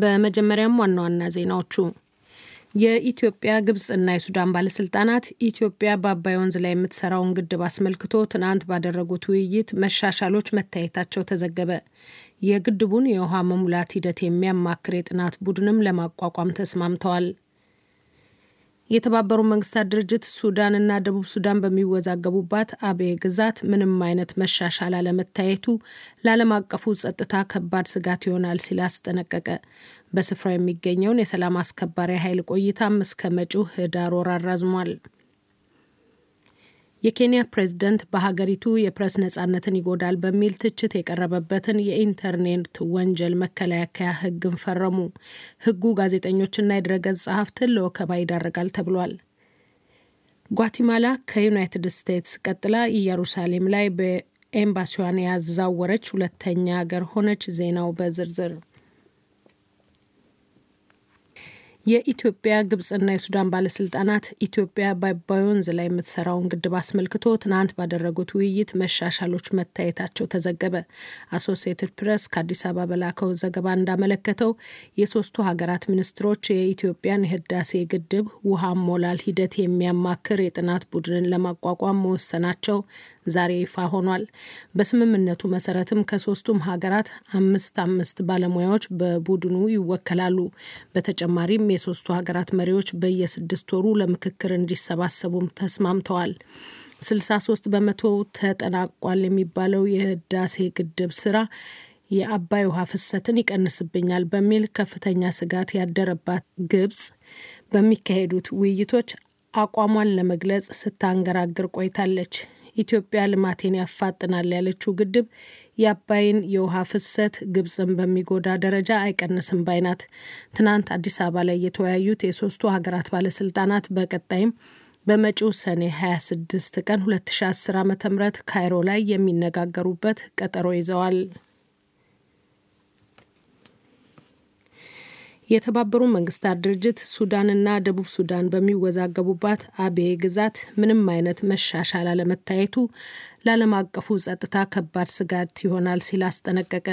በመጀመሪያም ዋና ዋና ዜናዎቹ የኢትዮጵያ ግብፅና የሱዳን ባለስልጣናት ኢትዮጵያ በአባይ ወንዝ ላይ የምትሰራውን ግድብ አስመልክቶ ትናንት ባደረጉት ውይይት መሻሻሎች መታየታቸው ተዘገበ። የግድቡን የውሃ መሙላት ሂደት የሚያማክር የጥናት ቡድንም ለማቋቋም ተስማምተዋል። የተባበሩ መንግስታት ድርጅት ሱዳንና ደቡብ ሱዳን በሚወዛገቡባት አቤ ግዛት ምንም አይነት መሻሻል አለመታየቱ ለዓለም አቀፉ ጸጥታ ከባድ ስጋት ይሆናል ሲል አስጠነቀቀ። በስፍራው የሚገኘውን የሰላም አስከባሪ ኃይል ቆይታም እስከ መጪው ህዳር ወር አራዝሟል። የኬንያ ፕሬዝደንት በሀገሪቱ የፕሬስ ነጻነትን ይጎዳል በሚል ትችት የቀረበበትን የኢንተርኔት ወንጀል መከላከያ ህግን ፈረሙ። ሕጉ ጋዜጠኞችና የድረገጽ ጸሐፍትን ለወከባ ይዳርጋል ተብሏል። ጓቲማላ ከዩናይትድ ስቴትስ ቀጥላ ኢየሩሳሌም ላይ በኤምባሲዋን ያዛወረች ሁለተኛ ሀገር ሆነች። ዜናው በዝርዝር የኢትዮጵያ ግብጽና የሱዳን ባለስልጣናት ኢትዮጵያ በአባይ ወንዝ ላይ የምትሰራውን ግድብ አስመልክቶ ትናንት ባደረጉት ውይይት መሻሻሎች መታየታቸው ተዘገበ። አሶሲየትድ ፕሬስ ከአዲስ አበባ በላከው ዘገባ እንዳመለከተው የሶስቱ ሀገራት ሚኒስትሮች የኢትዮጵያን የህዳሴ ግድብ ውሃ ሞላል ሂደት የሚያማክር የጥናት ቡድንን ለማቋቋም መወሰናቸው ዛሬ ይፋ ሆኗል። በስምምነቱ መሰረትም ከሶስቱም ሀገራት አምስት አምስት ባለሙያዎች በቡድኑ ይወከላሉ። በተጨማሪም የሶስቱ ሀገራት መሪዎች በየስድስት ወሩ ለምክክር እንዲሰባሰቡም ተስማምተዋል። 63 በመቶ ተጠናቋል የሚባለው የህዳሴ ግድብ ስራ የአባይ ውሃ ፍሰትን ይቀንስብኛል በሚል ከፍተኛ ስጋት ያደረባት ግብጽ በሚካሄዱት ውይይቶች አቋሟን ለመግለጽ ስታንገራግር ቆይታለች። ኢትዮጵያ ልማቴን ያፋጥናል ያለችው ግድብ የአባይን የውሃ ፍሰት ግብፅን በሚጎዳ ደረጃ አይቀንስም ባይናት ትናንት አዲስ አበባ ላይ የተወያዩት የሶስቱ ሀገራት ባለስልጣናት በቀጣይም በመጪው ሰኔ 26 ቀን 2010 ዓ ም ካይሮ ላይ የሚነጋገሩበት ቀጠሮ ይዘዋል። የተባበሩ መንግስታት ድርጅት ሱዳንና ደቡብ ሱዳን በሚወዛገቡባት አቤ ግዛት ምንም አይነት መሻሻል አለመታየቱ ለዓለም አቀፉ ጸጥታ ከባድ ስጋት ይሆናል ሲል አስጠነቀቀ።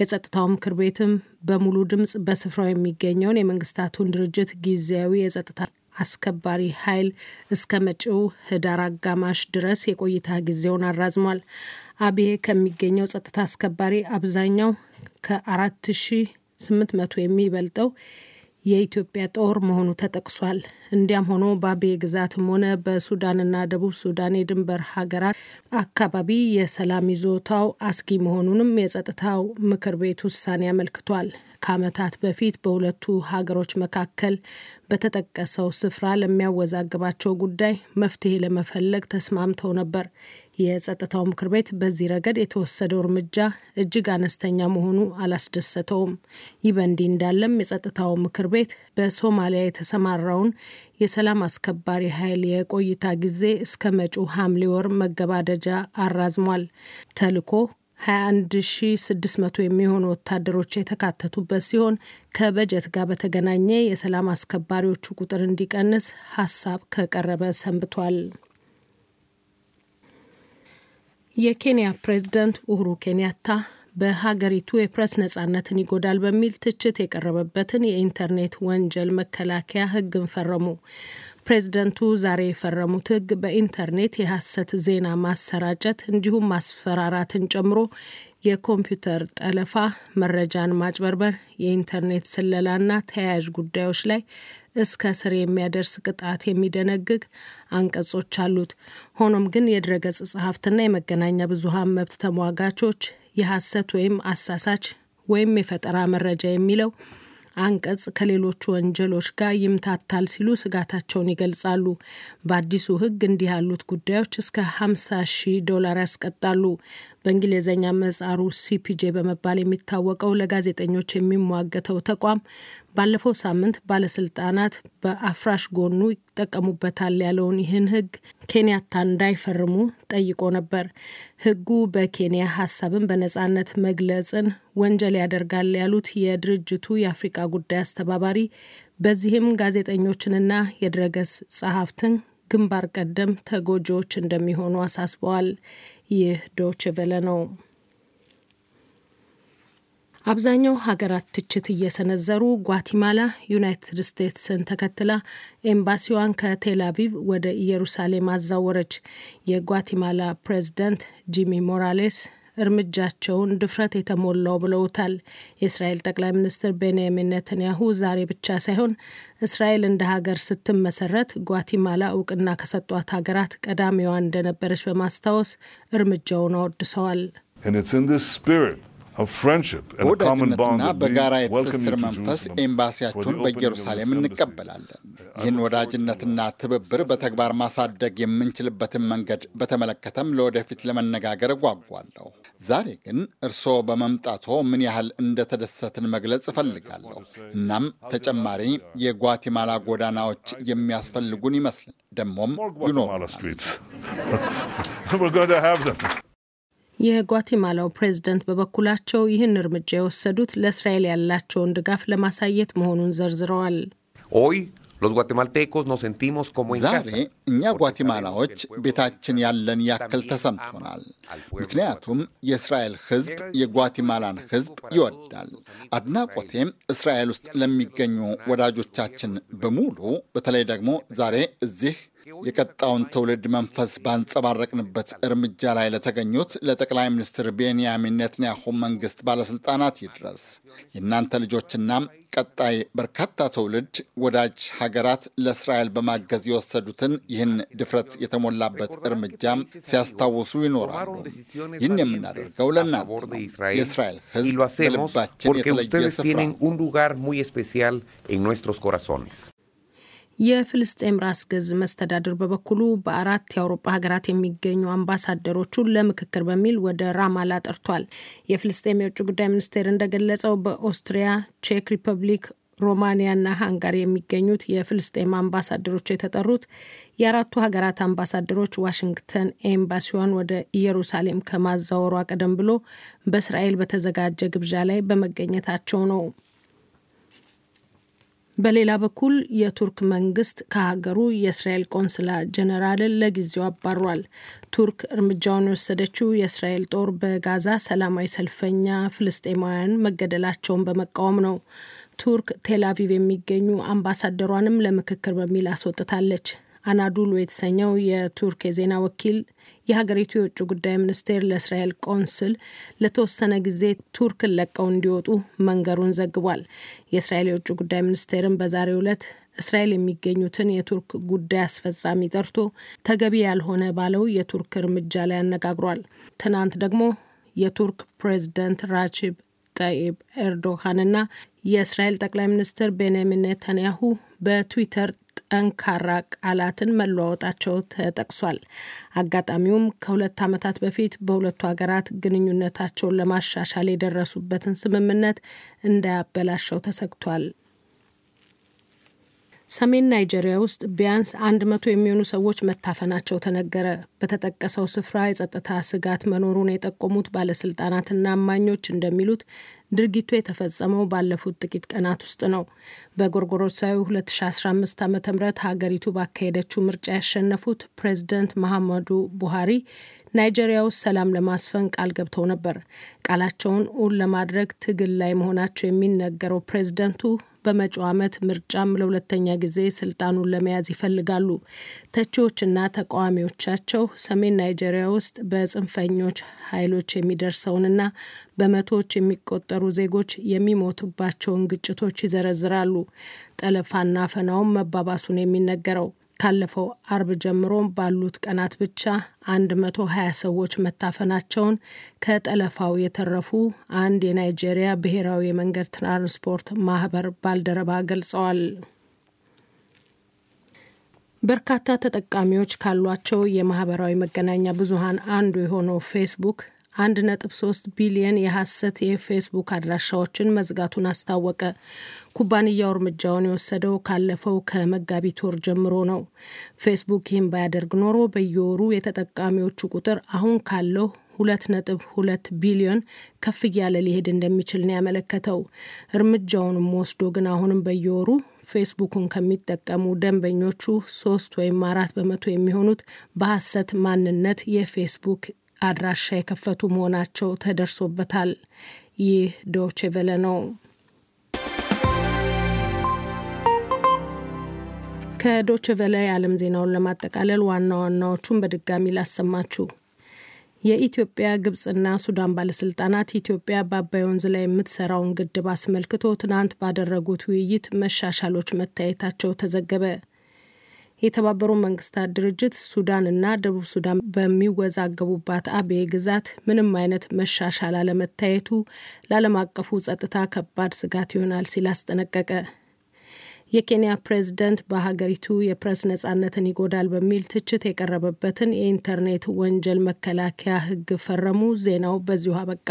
የጸጥታው ምክር ቤትም በሙሉ ድምፅ በስፍራው የሚገኘውን የመንግስታቱን ድርጅት ጊዜያዊ የጸጥታ አስከባሪ ኃይል እስከ መጪው ህዳር አጋማሽ ድረስ የቆይታ ጊዜውን አራዝሟል። አብዬ ከሚገኘው ጸጥታ አስከባሪ አብዛኛው ከአራት ሺህ ስምንት መቶ የሚበልጠው የኢትዮጵያ ጦር መሆኑ ተጠቅሷል። እንዲያም ሆኖ በአቤ ግዛትም ሆነ በሱዳንና ደቡብ ሱዳን የድንበር ሀገራት አካባቢ የሰላም ይዞታው አስጊ መሆኑንም የጸጥታው ምክር ቤት ውሳኔ አመልክቷል። ከዓመታት በፊት በሁለቱ ሀገሮች መካከል በተጠቀሰው ስፍራ ለሚያወዛግባቸው ጉዳይ መፍትሄ ለመፈለግ ተስማምተው ነበር። የጸጥታው ምክር ቤት በዚህ ረገድ የተወሰደው እርምጃ እጅግ አነስተኛ መሆኑ አላስደሰተውም። ይህ በእንዲህ እንዳለም የጸጥታው ምክር ቤት በሶማሊያ የተሰማራውን የሰላም አስከባሪ ኃይል የቆይታ ጊዜ እስከ መጪው ሐምሌ ወር መገባደጃ አራዝሟል። ተልኮ 21600 የሚሆኑ ወታደሮች የተካተቱበት ሲሆን ከበጀት ጋር በተገናኘ የሰላም አስከባሪዎቹ ቁጥር እንዲቀንስ ሀሳብ ከቀረበ ሰንብቷል። የኬንያ ፕሬዝደንት ኡሁሩ ኬንያታ በሀገሪቱ የፕሬስ ነጻነትን ይጎዳል በሚል ትችት የቀረበበትን የኢንተርኔት ወንጀል መከላከያ ህግን ፈረሙ። ፕሬዝደንቱ ዛሬ የፈረሙት ህግ በኢንተርኔት የሐሰት ዜና ማሰራጨት እንዲሁም ማስፈራራትን ጨምሮ የኮምፒውተር ጠለፋ፣ መረጃን ማጭበርበር፣ የኢንተርኔት ስለላና ተያያዥ ጉዳዮች ላይ እስከ ስር የሚያደርስ ቅጣት የሚደነግግ አንቀጾች አሉት። ሆኖም ግን የድረገጽ ጸሐፍትና የመገናኛ ብዙሃን መብት ተሟጋቾች የሐሰት ወይም አሳሳች ወይም የፈጠራ መረጃ የሚለው አንቀጽ ከሌሎቹ ወንጀሎች ጋር ይምታታል ሲሉ ስጋታቸውን ይገልጻሉ። በአዲሱ ህግ እንዲህ ያሉት ጉዳዮች እስከ 50 ሺህ ዶላር ያስቀጣሉ። በእንግሊዝኛ መጻሩ ሲፒጄ በመባል የሚታወቀው ለጋዜጠኞች የሚሟገተው ተቋም ባለፈው ሳምንት ባለስልጣናት በአፍራሽ ጎኑ ይጠቀሙበታል ያለውን ይህን ሕግ ኬንያታ እንዳይፈርሙ ጠይቆ ነበር። ህጉ በኬንያ ሀሳብን በነጻነት መግለጽን ወንጀል ያደርጋል ያሉት የድርጅቱ የአፍሪቃ ጉዳይ አስተባባሪ፣ በዚህም ጋዜጠኞችንና የድረገጽ ጸሐፍትን ግንባር ቀደም ተጎጂዎች እንደሚሆኑ አሳስበዋል። ይህ ዶችቨለ ነው። አብዛኛው ሀገራት ትችት እየሰነዘሩ ጓቲማላ ዩናይትድ ስቴትስን ተከትላ ኤምባሲዋን ከቴል አቪቭ ወደ ኢየሩሳሌም አዛወረች። የጓቲማላ ፕሬዝዳንት ጂሚ ሞራሌስ እርምጃቸውን ድፍረት የተሞላው ብለውታል። የእስራኤል ጠቅላይ ሚኒስትር ቤንያሚን ነተንያሁ ዛሬ ብቻ ሳይሆን እስራኤል እንደ ሀገር ስትመሰረት ጓቲማላ እውቅና ከሰጧት ሀገራት ቀዳሚዋ እንደነበረች በማስታወስ እርምጃውን አወድሰዋል። በወዳጅነትና በጋራ የትስስር መንፈስ ኤምባሲያችሁን በኢየሩሳሌም እንቀበላለን። uh, ይህን ወዳጅነትና ትብብር በተግባር ማሳደግ የምንችልበትን መንገድ በተመለከተም ለወደፊት ለመነጋገር እጓጓለሁ። ዛሬ ግን እርስዎ በመምጣቶ ምን ያህል እንደተደሰትን መግለጽ እፈልጋለሁ። እናም ተጨማሪ የጓቲማላ ጎዳናዎች የሚያስፈልጉን ይመስልን ደግሞም ይኖሩ የጓቴማላው ፕሬዝደንት በበኩላቸው ይህን እርምጃ የወሰዱት ለእስራኤል ያላቸውን ድጋፍ ለማሳየት መሆኑን ዘርዝረዋል። ዛሬ እኛ ጓቲማላዎች ቤታችን ያለን ያክል ተሰምቶናል። ምክንያቱም የእስራኤል ሕዝብ የጓቴማላን ሕዝብ ይወዳል። አድናቆቴም እስራኤል ውስጥ ለሚገኙ ወዳጆቻችን በሙሉ፣ በተለይ ደግሞ ዛሬ እዚህ የቀጣውን ትውልድ መንፈስ ባንጸባረቅንበት እርምጃ ላይ ለተገኙት ለጠቅላይ ሚኒስትር ቤንያሚን ኔትንያሁ መንግስት ባለስልጣናት ይድረስ። የእናንተ ልጆችና ቀጣይ በርካታ ትውልድ ወዳጅ ሀገራት ለእስራኤል በማገዝ የወሰዱትን ይህን ድፍረት የተሞላበት እርምጃም ሲያስታውሱ ይኖራሉ። ይህን የምናደርገው ለእናንተ ነው። የእስራኤል ሕዝብ በልባችን የተለየ ስፍራ የፍልስጤም ራስ ገዝ መስተዳድር በበኩሉ በአራት የአውሮፓ ሀገራት የሚገኙ አምባሳደሮቹን ለምክክር በሚል ወደ ራማላ ጠርቷል። የፍልስጤም የውጭ ጉዳይ ሚኒስቴር እንደገለጸው በኦስትሪያ፣ ቼክ ሪፐብሊክ ሮማንያና ሃንጋሪ የሚገኙት የፍልስጤም አምባሳደሮች የተጠሩት የአራቱ ሀገራት አምባሳደሮች ዋሽንግተን ኤምባሲዋን ወደ ኢየሩሳሌም ከማዛወሯ ቀደም ብሎ በእስራኤል በተዘጋጀ ግብዣ ላይ በመገኘታቸው ነው። በሌላ በኩል የቱርክ መንግስት ከሀገሩ የእስራኤል ቆንስላ ጀኔራልን ለጊዜው አባሯል። ቱርክ እርምጃውን የወሰደችው የእስራኤል ጦር በጋዛ ሰላማዊ ሰልፈኛ ፍልስጤማውያን መገደላቸውን በመቃወም ነው። ቱርክ ቴልአቪቭ የሚገኙ አምባሳደሯንም ለምክክር በሚል አስወጥታለች። አናዱሉ የተሰኘው የቱርክ የዜና ወኪል የሀገሪቱ የውጭ ጉዳይ ሚኒስቴር ለእስራኤል ቆንስል ለተወሰነ ጊዜ ቱርክን ለቀው እንዲወጡ መንገሩን ዘግቧል። የእስራኤል የውጭ ጉዳይ ሚኒስቴርም በዛሬው ዕለት እስራኤል የሚገኙትን የቱርክ ጉዳይ አስፈጻሚ ጠርቶ ተገቢ ያልሆነ ባለው የቱርክ እርምጃ ላይ አነጋግሯል። ትናንት ደግሞ የቱርክ ፕሬዚደንት ራቺብ ጠይብ ኤርዶሃንና የእስራኤል ጠቅላይ ሚኒስትር ቤንያሚን ኔታንያሁ በትዊተር ጠንካራ ቃላትን መለዋወጣቸው ተጠቅሷል። አጋጣሚውም ከሁለት ዓመታት በፊት በሁለቱ ሀገራት ግንኙነታቸውን ለማሻሻል የደረሱበትን ስምምነት እንዳያበላሸው ተሰግቷል። ሰሜን ናይጄሪያ ውስጥ ቢያንስ አንድ መቶ የሚሆኑ ሰዎች መታፈናቸው ተነገረ። በተጠቀሰው ስፍራ የጸጥታ ስጋት መኖሩን የጠቆሙት ባለስልጣናትና አማኞች እንደሚሉት ድርጊቱ የተፈጸመው ባለፉት ጥቂት ቀናት ውስጥ ነው። በጎርጎሮሳዊ 2015 ዓ ም ሀገሪቱ ባካሄደችው ምርጫ ያሸነፉት ፕሬዚደንት መሐመዱ ቡሃሪ ናይጄሪያ ውስጥ ሰላም ለማስፈን ቃል ገብተው ነበር። ቃላቸውን እውን ለማድረግ ትግል ላይ መሆናቸው የሚነገረው ፕሬዚደንቱ በመጪው ዓመት ምርጫም ለሁለተኛ ጊዜ ስልጣኑን ለመያዝ ይፈልጋሉ። ተቺዎችና ተቃዋሚዎቻቸው ሰሜን ናይጄሪያ ውስጥ በጽንፈኞች ኃይሎች የሚደርሰውንና በመቶዎች የሚቆጠሩ ዜጎች የሚሞቱባቸውን ግጭቶች ይዘረዝራሉ። ጠለፋና ፈናውም መባባሱን የሚነገረው ካለፈው አርብ ጀምሮ ባሉት ቀናት ብቻ 120 ሰዎች መታፈናቸውን ከጠለፋው የተረፉ አንድ የናይጄሪያ ብሔራዊ የመንገድ ትራንስፖርት ማህበር ባልደረባ ገልጸዋል። በርካታ ተጠቃሚዎች ካሏቸው የማህበራዊ መገናኛ ብዙሀን አንዱ የሆነው ፌስቡክ 1.3 ቢሊየን የሐሰት የፌስቡክ አድራሻዎችን መዝጋቱን አስታወቀ። ኩባንያው እርምጃውን የወሰደው ካለፈው ከመጋቢት ወር ጀምሮ ነው። ፌስቡክ ይህን ባያደርግ ኖሮ በየወሩ የተጠቃሚዎቹ ቁጥር አሁን ካለው ሁለት ነጥብ ሁለት ቢሊዮን ከፍ እያለ ሊሄድ እንደሚችል ነው ያመለከተው። እርምጃውንም ወስዶ ግን አሁንም በየወሩ ፌስቡኩን ከሚጠቀሙ ደንበኞቹ ሶስት ወይም አራት በመቶ የሚሆኑት በሐሰት ማንነት የፌስቡክ አድራሻ የከፈቱ መሆናቸው ተደርሶበታል። ይህ ዶቼ ቬለ ነው። ከዶች ቨለ የዓለም ዜናውን ለማጠቃለል ዋና ዋናዎቹን በድጋሚ ላሰማችሁ። የኢትዮጵያ ግብጽና ሱዳን ባለስልጣናት ኢትዮጵያ በአባይ ወንዝ ላይ የምትሰራውን ግድብ አስመልክቶ ትናንት ባደረጉት ውይይት መሻሻሎች መታየታቸው ተዘገበ። የተባበሩ መንግስታት ድርጅት ሱዳንና ደቡብ ሱዳን በሚወዛገቡባት አብየ ግዛት ምንም አይነት መሻሻል አለመታየቱ ለዓለም አቀፉ ጸጥታ ከባድ ስጋት ይሆናል ሲል አስጠነቀቀ። የኬንያ ፕሬዝደንት በሀገሪቱ የፕሬስ ነጻነትን ይጎዳል በሚል ትችት የቀረበበትን የኢንተርኔት ወንጀል መከላከያ ህግ ፈረሙ። ዜናው በዚሁ አበቃ።